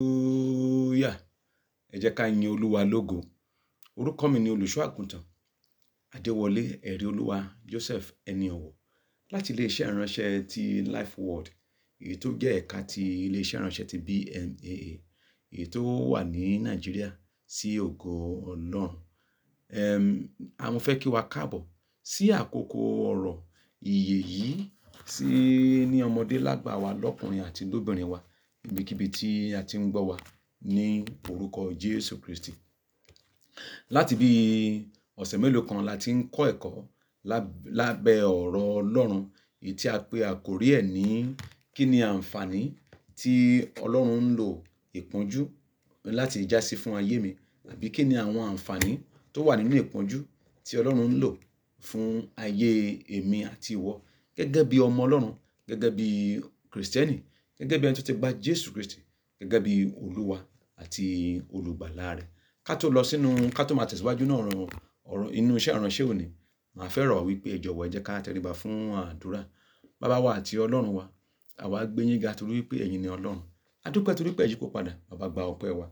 hallelujah ẹ jẹ́ ká yin olúwa lógo orúkọ mi ni olùṣọ́ àgùntàn adéwọlé ẹ̀rí olúwa joseph ẹni ọ̀wọ̀ láti iléeṣẹ́ ìránṣẹ́ ti life world èyí tó jẹ́ ẹ̀ka ti iléeṣẹ́ ìránṣẹ́ ti bmaa èyí tó wà ní nàìjíríà sí ògo ọlọ́run àwọn fẹ́ kí wa káàbọ̀ sí àkókò ọ̀rọ̀ ìyè yìí sí ní ọmọdé lágbà wa lọ́kùnrin àti lóbìnrin wa ibikíbi tí a ti ń gbọ́ wa ní orúkọ Jésù Kristi. Láti bí ọ̀sẹ̀ mélòó kan la ti ń kọ́ ẹ̀kọ́ lábẹ́ ọ̀rọ̀ Ọlọ́run èyí tí a pè àkórí ẹ̀ ní kí ni àǹfààní tí Ọlọ́run ń lo ìpọ́njú láti jásí fún ayé mi àbí kí ni àwọn àǹfààní tó wà nínú ìpọ́njú tí Ọlọ́run ń lò fún ayé èmi àti ìwọ gẹ́gẹ́ bí ọmọ Ọlọ́run gẹ́gẹ́ bí Kristẹni gẹ́gẹ́ bí ẹni tó ti gba Jésù Kristi gẹ́gẹ́ bí Olúwa àti Olùgbàlà rẹ̀ ká tó lọ sínú ká tó máa tẹ̀síwájú náà ọ̀rọ̀ inú iṣẹ́ ìránṣẹ́ òní màá fẹ́ rọ̀ wípé ẹ jọ̀wọ́ ká tẹríba fún àdúrà bàbá wa àti Ọlọ́run wa àwa gbé yín ga torí wípé ẹ̀yin ni Ọlọ́run a torí pé ẹ jí padà bàbá gba ọpẹ́ wa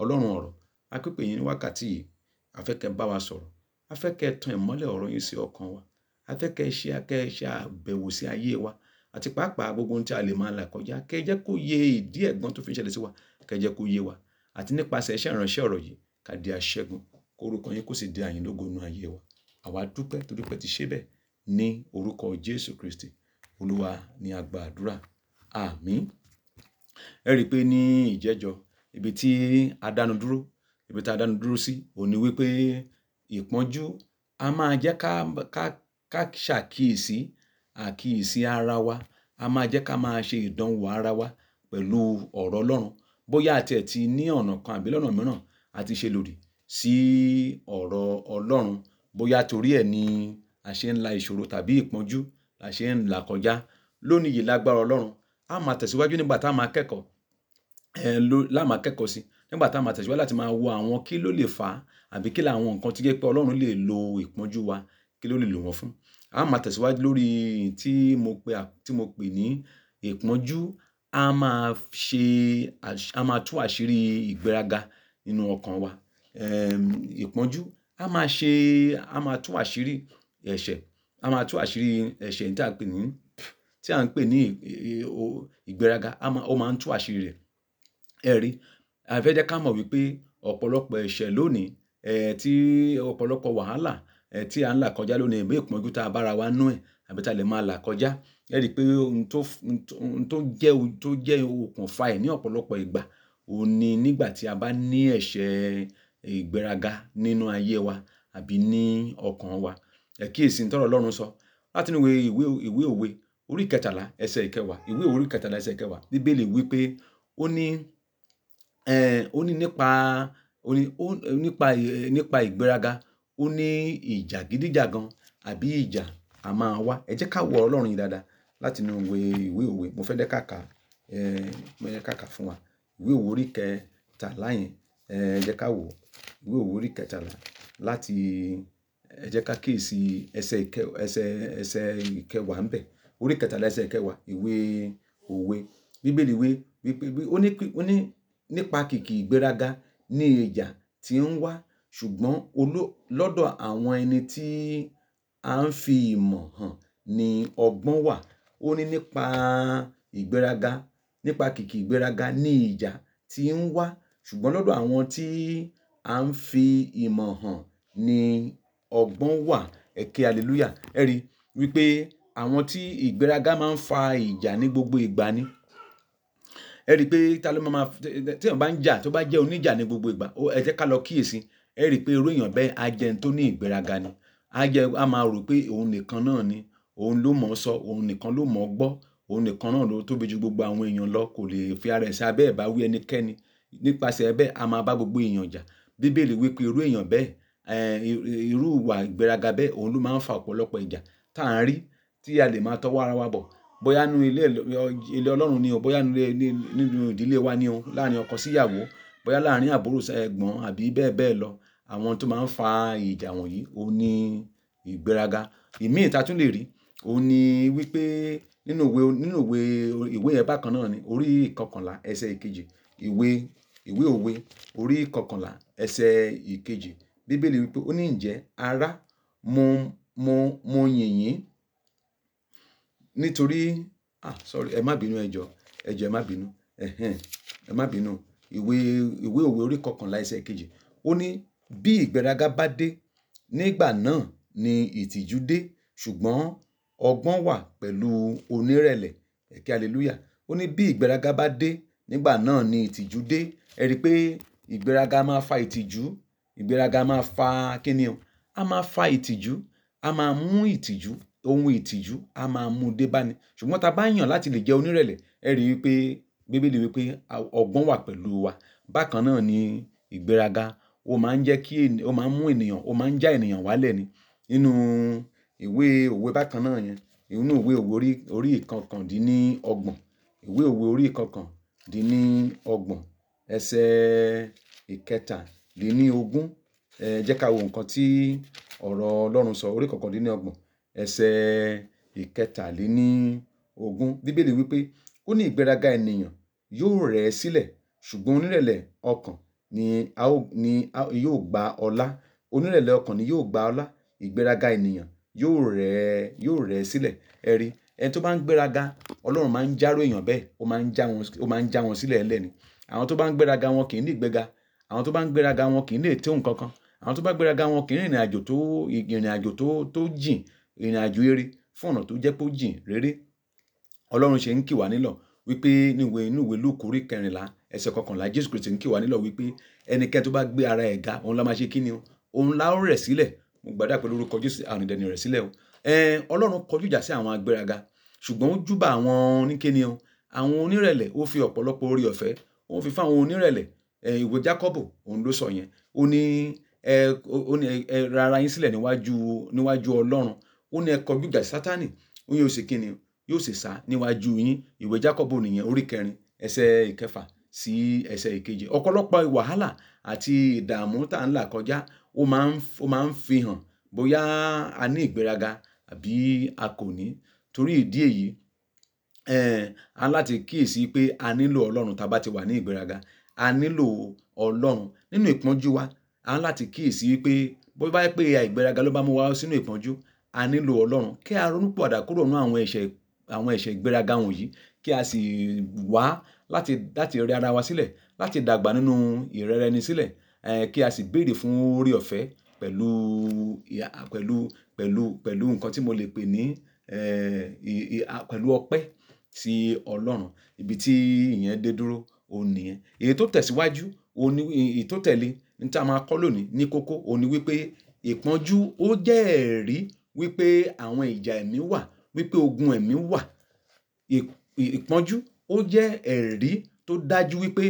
Ọlọ́run ọ̀rọ̀ a pèpè yín ní wákàtí yìí a fẹ́ kẹ́ bá wa sọ̀rọ̀ a fẹ́ kẹ́ tan ìmọ́lẹ̀ ọ̀rọ̀ yín sí ọkàn wa a fẹ́ kẹ́ ṣe kẹ́ ṣe àbẹ̀wò sí ayé wa àti pàápàá gbogbo ohun tí a lè máa là kọjá kẹ́ jẹ́ kó yé ìdí ẹ̀gbọ́n tó fi ń ṣẹlẹ̀ sí wa kẹ́ jẹ́ kó yé wa àti nípasẹ̀ iṣẹ́ ìránṣẹ́ ọ̀rọ̀ yìí ká di aṣẹ́gun kórúkọ yín kó sì di àyìnlógo inú ayé wa àwa dúpẹ́ torí ti ṣe bẹ́ẹ̀ ní orúkọ Jésù Kristi Olúwa ni a gba àdúrà àmín ẹ rí i pé ní ìjẹ́jọ́ ibi tí a dánu dúró ibi tí a dánu dúró sí òní wípé ìpọ́njú a máa jẹ́ ká ṣàkíyèsí àkíyèsí ara wa a máa jẹ́ ká máa ṣe ìdánwò ara wa pẹ̀lú ọ̀rọ̀ Ọlọ́run bóyá àti ẹ̀ ti ní ọ̀nà kan àbí lọ́nà mìíràn àti ṣe lòdì sí ọ̀rọ̀ Ọlọ́run bóyá torí ẹ̀ ni a ṣe ń la ìṣòro tàbí ìpọ́njú la ṣe ń là kọjá lónìí yìí lágbára Ọlọ́run a máa tẹ̀síwájú nígbà tá a máa kẹ́kọ̀ọ́ ẹ̀ ló lá máa kẹ́kọ̀ọ́ sí nígbà tá a máa tẹ̀síwájú láti máa wo àwọn kí ló lè fà á àbí kí làwọn nǹkan tí jẹ́ pé Ọlọ́run lè lo ìpọ́njú wa kí ló lè lò wọ́n fún. A máa tẹ̀síwájú lórí tí mo pè, tí mo pè ní ìpọ́njú a máa ṣe, a máa tú àṣírí ìgbéraga nínú ọkàn wa. Ìpọ́njú a máa ṣe, a máa tú àṣírí ẹ̀ṣẹ̀, a máa tú àṣírí ẹ̀ṣẹ̀ tí à pè ní, tí à ń pè ní ìgbéraga. ó máa ń tú àṣírí rẹ̀. Ẹ rí, a ká mọ̀ wípé ọ̀pọ̀lọpọ̀ ẹ̀ṣẹ̀ lónìí, tí ọ̀pọ̀lọpọ̀ wàhálà tí a ń là kọjá lónìí ìbí ìpọ́njú tá a bára wa nú ẹ̀ àbí tá a lè máa là kọjá ẹ rí i pé ohun tó jẹ́ tó jẹ́ okùnfà ẹ̀ ní ọ̀pọ̀lọpọ̀ ìgbà òun ni nígbà tí a bá ní ẹ̀ṣẹ̀ ìgbéraga nínú ayé wa àbí ní ọkàn wa ẹ kíyèsí ntọ́rọ̀ Ọlọ́run sọ láti níwèé ìwé ìwé òwe orí kẹtàlá ẹsẹ̀ ìkẹwàá ìwé òwe orí kẹtàlá ẹsẹ̀ ìkẹwàá bíbélì wípé ó ní ó ní nípa ó ní nípa ìgbéraga ó ní ìjà gídíjàgan àbí ìjà a máa wá ẹ jẹ́ ká wo Ọlọ́run yìí dáadáa láti inú ìwé òwe mo fẹ́ dẹ́ kàkà mo fẹ́ kàkà fún wa ìwé òwe orí kẹtàlá yẹn ẹ jẹ́ ká wò ìwé òwe orí kẹtàlá láti ẹ jẹ́ ká kíyèsí ẹsẹ̀ ìkẹ ẹsẹ̀ ẹsẹ̀ ìkẹwàá ń bẹ̀ orí kẹtàlá ẹsẹ̀ ìkẹwàá ìwé òwe bíbélì wé wípé ó ní nípa kìkì ìgbéraga ní ìjà tí ń wá ṣùgbọ́n lọ́dọ̀ àwọn ẹni tí a ń fi ìmọ̀ hàn ni ọgbọ́n wà. Ó ní nípa ìgbéraga, nípa kìkì ìgbéraga ní ìjà tí ń wá, ṣùgbọ́n lọ́dọ̀ àwọn tí a ń fi ìmọ̀ hàn ni ọgbọ́n wà. Ẹ ké hallelujah. Ẹ rí i wípé àwọn tí ìgbéraga máa ń fa ìjà ní gbogbo ìgbà ni. Ẹ rí i pé tí èèyàn bá ń jà, tó bá jẹ́ oníjà ní gbogbo ìgbà, ẹ jẹ́ ká lọ kíyèsi ẹ rí i pé irú èèyàn bẹ́ẹ̀ á jẹ́ ẹni tó ní ìgbéraga ni á jẹ́ á máa rò pé òun nìkan náà ni òun ló mọ̀ ọ́ sọ òun nìkan ló mọ̀ ọ́ gbọ́ òun nìkan náà ló tóbi ju gbogbo àwọn èèyàn lọ kò lè fi ara ẹ̀ sí abẹ́ ẹ̀ bá wí ẹnikẹ́ni nípasẹ̀ bẹ́ẹ̀ a máa bá gbogbo èèyàn jà bíbélì wípé irú èèyàn bẹ́ẹ̀ irú ìwà ìgbéraga bẹ́ẹ̀ òun ló máa ń fa ọ̀pọ̀lọpọ̀ ìjà tá à ń rí tí a lè máa tọwọ́ ara wa bọ̀ bóyá nínú ilé ọlọ́run ni o bóyá nínú ìdílé wa ni o láàrin ọkọ síyàwó bóyá láàárín àbúrò ẹ̀gbọ́n àbí bẹ́ẹ̀ bẹ́ẹ̀ lọ. Àwọn tó máa ń fa ìjà wọ̀nyí òun ní ìgbéraga. Ìmí ta tún lè rí, òun ni wípé nínú ìwé, nínú ìwé, ìwé yẹn bákan náà ni orí ìkọkànlá ẹsẹ ìkejì. Ìwé, ìwé òwe orí ìkọkànlá ẹsẹ ìkejì. Bíbélì wípé ó ní ǹjẹ́ ará, mo, mo, mo yìn nítorí, ah sorry, ẹ má bínú ẹ jọ, ẹ jọ ẹ má bínú. ẹ má bínú ìwé ìwé òwe orí kọkànlá ẹsẹ̀ kejì ó ní bí ìgbéraga bá dé nígbà náà ni ìtìjú dé ṣùgbọ́n ọgbọ́n wà pẹ̀lú onírẹ̀lẹ̀ ẹ̀kẹ́ hallelujah ó ní bí ìgbéraga bá dé nígbà náà ni ìtìjú dé ẹ rí i pé ìgbéraga máa fa ìtìjú ìgbéraga máa fa kíni o a máa fa ìtìjú a máa mú ìtìjú ohun ìtìjú a máa mú dé báni ṣùgbọ́n tá bá yàn láti lè jẹ́ onírẹ̀lẹ̀ ẹ rí i pé Bíbélì wípé ọgbọ́n wà pẹ̀lú wa. Bákan náà ni ìgbéraga. Ó máa ń jẹ́ kí ènì-- ó máa ń mú ènìyàn, ó máa ń já ènìyàn wálẹ̀ ni. Nínú ìwé òwe bákan náà yẹn, nínú ìwé òwe orí, orí ìkọkàndínní ọgbọ̀n, ìwé òwe orí ìkọkàndínní ọgbọ̀n, ẹsẹ ìkẹtàdínní ogún. Ẹ jẹ́ ká wo nǹkan tí ọ̀rọ̀ Ọlọ́run sọ. Orí ìkọkàndínní ọgbọ̀n, ẹsẹ Bíbélì wípé ó ní ìgbéraga ènìyàn yóò rẹ̀ ẹ́ sílẹ̀ ṣùgbọ́n onírẹ̀lẹ̀ ọkàn ni ni a yóò gba ọlá. Onírẹ̀lẹ̀ ọkàn ni yóò gba ọlá. Ìgbéraga ènìyàn yóò rẹ̀ ẹ́, yóò rẹ̀ ẹ́ sílẹ̀. Ẹ rí, ẹni tó bá ń gbéraga, Ọlọ́run máa ń járó èèyàn bẹ́ẹ̀. Ó máa ń já wọn, sílẹ̀ lẹ́ẹ̀ ni. Àwọn tó bá ń gbéraga wọn kì í ní ìgbéga. Àwọn tó bá ń gbéraga wọn kì í lè tó nǹkan kan. Àwọn tó bá gbéraga wọn kì í rìnrìn àjò tó, ìrìn àjò tó, tó jìn, ìrìn àjò fún ọ̀nà tó jẹ́ pé ó jìn réré. Ọlọ́run ṣe ń kì wá nílọ̀ wípé níwèé inú ìwé Lúùkù orí kẹrìnlá ẹsẹ̀ kọkànlá Jésù Kristi ń kì nílọ wípé ẹnikẹ́ni tó bá gbé ara ẹ̀ ga òun la máa ṣe kí ni o òun la ó rẹ̀ sílẹ̀ mo gbàdá pẹ̀lú orúkọ Jésù àrùn ìdẹ̀ni rẹ̀ sílẹ̀ o ẹ̀ẹ́n Ọlọ́run kọjú ìjà sí àwọn agbéraga ṣùgbọ́n ó júbà àwọn oníkéni o àwọn onírẹ̀lẹ̀ ó fi ọ̀pọ̀lọpọ̀ orí ọ̀fẹ́ ó fi fún àwọn onírẹ̀lẹ̀ ìwé Jákọ́bù òun ló sọ yẹn ó ní ẹ rárá yín sílẹ̀ níwájú Ọlọ́run ó ní ẹ kọjú ìjà sí yóò sì sá níwájú yín ìwé Jákọ́bù nìyẹn orí kẹrin ẹsẹ̀ ìkẹfà sí ẹsẹ̀ ìkeje ọ̀pọ̀lọpọ̀ wàhálà àti ìdààmú tá à ń là kọjá ó máa ń fi hàn bóyá a ní ìgbéraga àbí a kò ní torí ìdí èyí ẹ a láti kíyèsí pé a nílò ọlọ́run tá a bá ti wà ní ìgbéraga a nílò ọlọ́run nínú ìpọnjú wa a láti kíyèsí pé bó bá yẹ pé ìgbéraga ló bá mú wa sínú ìpọ́njú a nílò ọlọ́run kí a ronúpọ̀ àdàkúrò nú àwọn ẹ̀ṣẹ̀ àwọn ẹ̀ṣẹ̀ ìgbéraga wọ̀nyí kí a sì wá láti láti rẹ ara wa sílẹ̀ láti dàgbà nínú ìrẹra ẹni sílẹ̀ kí a sì béèrè fún oore ọ̀fẹ́ pẹ̀lú pẹ̀lú pẹ̀lú pẹ̀lú nǹkan tí mo lè pè ní pẹ̀lú ọpẹ́ sí Ọlọ́run ibi tí ìyẹn dé dúró òun nìyẹn. Èyí tó tẹ̀síwájú òun ni èyí tó tẹ̀lé ní tí a máa kọ́ lónìí ní kókó òun ni wípé ìpọ́njú ó jẹ́ ẹ̀rí wípé àwọn ìjà ẹ̀mí wà wípé ogun ẹ̀mí wà ìpọ́njú ó jẹ́ ẹ̀rí tó dájú wípé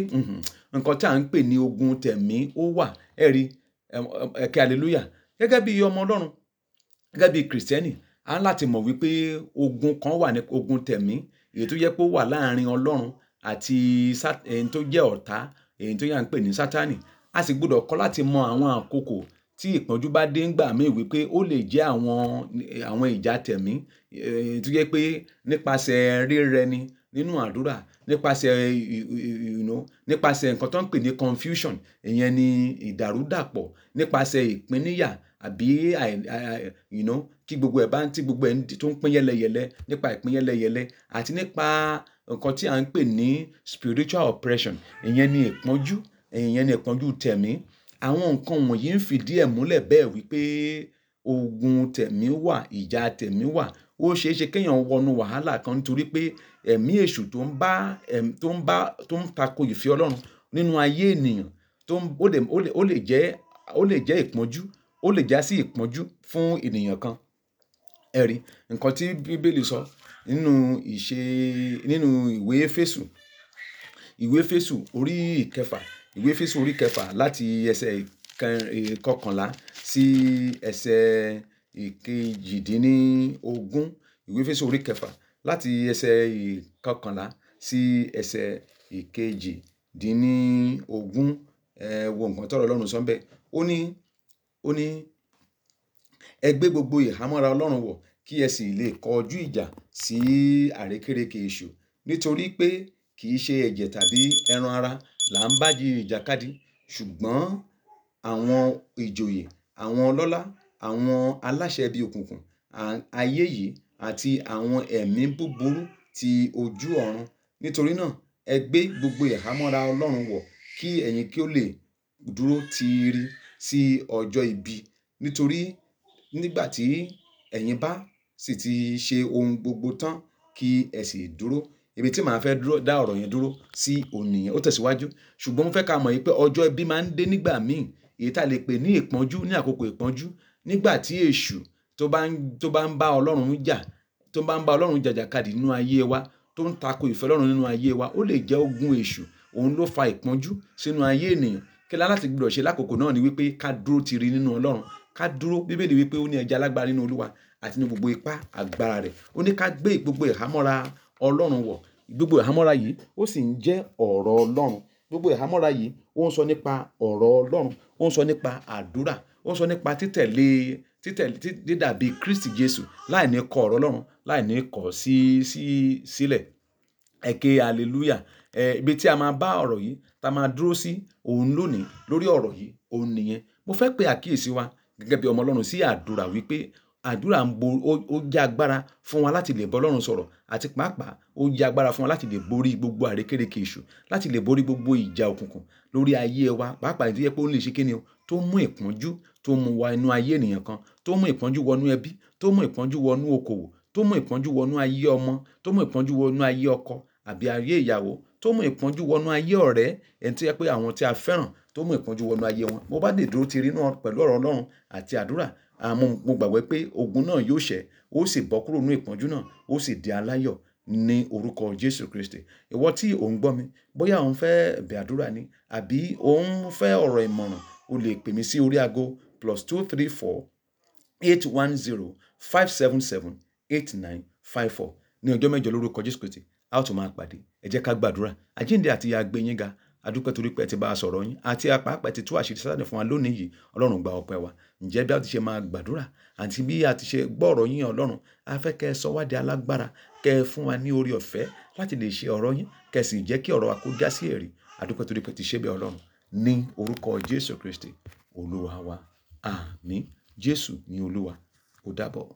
nǹkan tí à ń pè ní ogun tẹ̀mí ó wà ẹ̀rí ẹ̀kẹ́ hallelujah gẹ́gẹ́ bí ọmọ ọlọ́run gẹ́gẹ́ bí kìrìsìtẹ́nì a ń láti mọ̀ wípé ogun kan wà ní ogun tẹ̀mí èyí tó yẹ pé ó wà láàrin ọlọ́run àti èyí tó jẹ́ ọ̀tá èyí tó yà ń pè ní sátánì a sì gbọ́dọ̀ kọ́ láti mọ àwọn àkókò tí ìpọ́njú bá dé ń gbà mí wípé ó lè jẹ́ àwọn àwọn ìjà tẹ̀mí eh, tó jẹ́ pé nípasẹ̀ rírẹni nínú àdúrà nípasẹ̀ eh, you know nípasẹ̀ nǹkan tó ń pè ní confusion ìyẹn ni ìdàrúdàpọ̀ nípasẹ̀ ìpíníyà àbí you know kí gbogbo ẹ̀ bá ń tí gbogbo ẹ̀ tó ń pín yẹlẹyẹlẹ nípa ìpín yẹlẹyẹlẹ àti nípa nǹkan tí à ń pè ní spiritual oppression ìyẹn ni ìpọ́njú ìyẹn ni ìpọ́njú tẹ̀mí àwọn nǹkan wọ̀nyí ń fìdí ẹ̀ múlẹ̀ bẹ́ẹ̀ wípé ogun tẹ̀mí wà ìjà tẹ̀mí wà ó ṣeé ṣe kéèyàn wọnú wàhálà kan nítorí pé ẹ̀mí èṣù tó ń bá tó ń bá tó ń tako ìfẹ́ Ọlọ́run nínú ayé ènìyàn tó ń ó lè ó lè jẹ́ ó lè jẹ́ ìpọ́njú ó lè já sí ìpọ́njú fún ènìyàn kan ẹ̀rí nǹkan tí bíbélì sọ nínú ìṣe nínú ìwé Éfésù ìwé Éfésù orí ìkẹfà ìwé fésù orí kẹfà láti ẹsẹ̀ kọkànlá sí ẹsẹ̀ ìkejìdínlógún ìwé fésù orí kẹfà láti ẹsẹ̀ ìkọkànlá sí ẹsẹ̀ ìkejìdínlógún ẹ wo nǹkan tọrọ Ọlọ́run sọ ń bẹ ó ní ó ní ẹ gbé gbogbo ìhámọ́ra Ọlọ́run wọ̀ kí ẹ sì lè kọjú ìjà sí àrékérekè èṣù nítorí pé kì í ṣe ẹ̀jẹ̀ tàbí ẹran ara là ń báji ìjàkadì ṣùgbọ́n àwọn ìjòyè àwọn ọlọ́lá àwọn aláṣẹ ibi òkùnkùn ayé yìí àti àwọn ẹ̀mí búburú ti ojú ọ̀run nítorí náà ẹ gbé gbogbo ìhámọ́ra Ọlọ́run wọ̀ kí ẹ̀yin kí ó lè dúró tiiri sí ọjọ́ ibi nítorí nígbà tí ẹ̀yin bá sì ti ṣe ohun gbogbo tán kí ẹ sì dúró ibi tí màá fẹ́ dúró dá ọ̀rọ̀ yẹn dúró sí ònìyàn ó tẹ̀síwájú ṣùgbọ́n mo fẹ́ ká mọ̀ yìí pé ọjọ́ ibi máa ń dé nígbà míì èyí tá a lè pè ní ìpọ́njú ní àkókò ìpọ́njú nígbà tí èṣù tó bá ń tó bá ń bá ọlọ́run jà tó bá ń bá ọlọ́run jàjàkadì nínú ayé wa tó ń tako ìfẹ́ ọlọ́run nínú ayé wa ó lè jẹ́ ogun èṣù òun ló fa ìpọ́njú sínú ayé ènìyàn kí la láti gbọdọ̀ ṣe lákòókò náà ni wípé ká dúró tiri nínú ọlọ́run ká dúró bíbélì wípé ó ní ẹja alágbára nínú olúwa àti ní gbogbo ipá agbára rẹ̀ ó ní ká gbé gbogbo ìhámọ́ra Ọlọ́run wọ̀. Gbogbo ìhámọ́ra yìí ó sì ń jẹ́ ọ̀rọ̀ Ọlọ́run. Gbogbo ìhámọ́ra yìí ó ń sọ nípa ọ̀rọ̀ Ọlọ́run, ó ń sọ nípa àdúrà, ó ń sọ nípa títẹ̀lé, títẹ̀lé, dídàbí Kristi Jesu láìní kọ ọ̀rọ̀ Ọlọ́run, láìní kọ̀ sí, sí, sílẹ̀. Ẹ ké hallelujah. Ẹ̀, ibi tí a máa bá ọ̀rọ̀ yìí, tí a máa dúró sí òun lónìí lórí ọ̀rọ̀ yìí, òun nìyẹn. Mo fẹ́ pe àkíyèsí wa gẹ́gẹ́ bí ọmọ Ọlọ́run sí àdúrà wípé àdúrà ń bo ó jẹ́ agbára fún wa láti lè bọ́ Ọlọ́run sọ̀rọ̀ àti pàápàá ó jẹ́ agbára fún wa láti lè borí gbogbo àrékérekè èṣù láti lè borí gbogbo ìjà òkùnkùn lórí ayé wa pàápàá èyí tó jẹ́ pé ó lè ṣe kíni o tó mú ìpọ́njú tó mú wa inú ayé ènìyàn kan tó mú ìpọ́njú wọnú ẹbí tó mú ìpọ́njú wọnú okòwò tó mú ìpọ́njú wọnú ayé ọmọ tó mú ìpọ́njú wọnú ayé ọkọ àbí ayé ìyàwó tó mú ìpọ́njú wọnú ayé ọ̀rẹ́ ẹni tó yẹ pé àwọn tí a fẹ́ràn tó mú ìpọ́njú wọnú ayé wọn mo bá dè dúró ti rí náà pẹ̀lú ọ̀rọ̀ Ọlọ́run àti àdúrà àmọ́ mo gbàgbọ́ pé ogun náà yóò ṣẹ ó sì bọ́ kúrò nínú ìpọ́njú náà ó sì di aláyọ̀ ní orúkọ Jésù Kristi ìwọ tí ò ń gbọ́ mi bóyá ò fẹ́ ẹ̀bẹ̀ àdúrà ni àbí ò ń fẹ́ ọ̀rọ̀ ìmọ̀ràn o lè pè mí sí orí aago plus two three four eight one zero five seven seven eight nine five four ní ọjọ́ mẹ́jọ lórúkọ Jésù Kristi a ó tún máa pàdé ẹ jẹ́ ká gbàdúrà àjíǹde àti ìyá gbé ga adúpẹ́ torí pé ẹ ti bá a sọ̀rọ̀ yín àti apàápẹ́ ti tú àṣírí sátani fún wa lónìí yìí ọlọ́run gba ọpẹ́ wa ǹjẹ́ bí a ti ṣe máa gbàdúrà àti bí a ti ṣe gbọ́ ọ̀rọ̀ yín ọlọ́run a fẹ́ kẹ́ ẹ sọ wá di alágbára kẹ́ ẹ fún wa ní orí ọ̀fẹ́ láti lè ṣe ọ̀rọ̀ yín kẹ́ ẹ sì jẹ́ kí ọ̀rọ̀ wa kó já sí èrè adúpẹ́ torí pé ti ṣe bẹ́ẹ̀ ọlọ́run ní orúkọ jésù kristi olúwa wa àmín jésù ní olúwa ó dàbọ̀.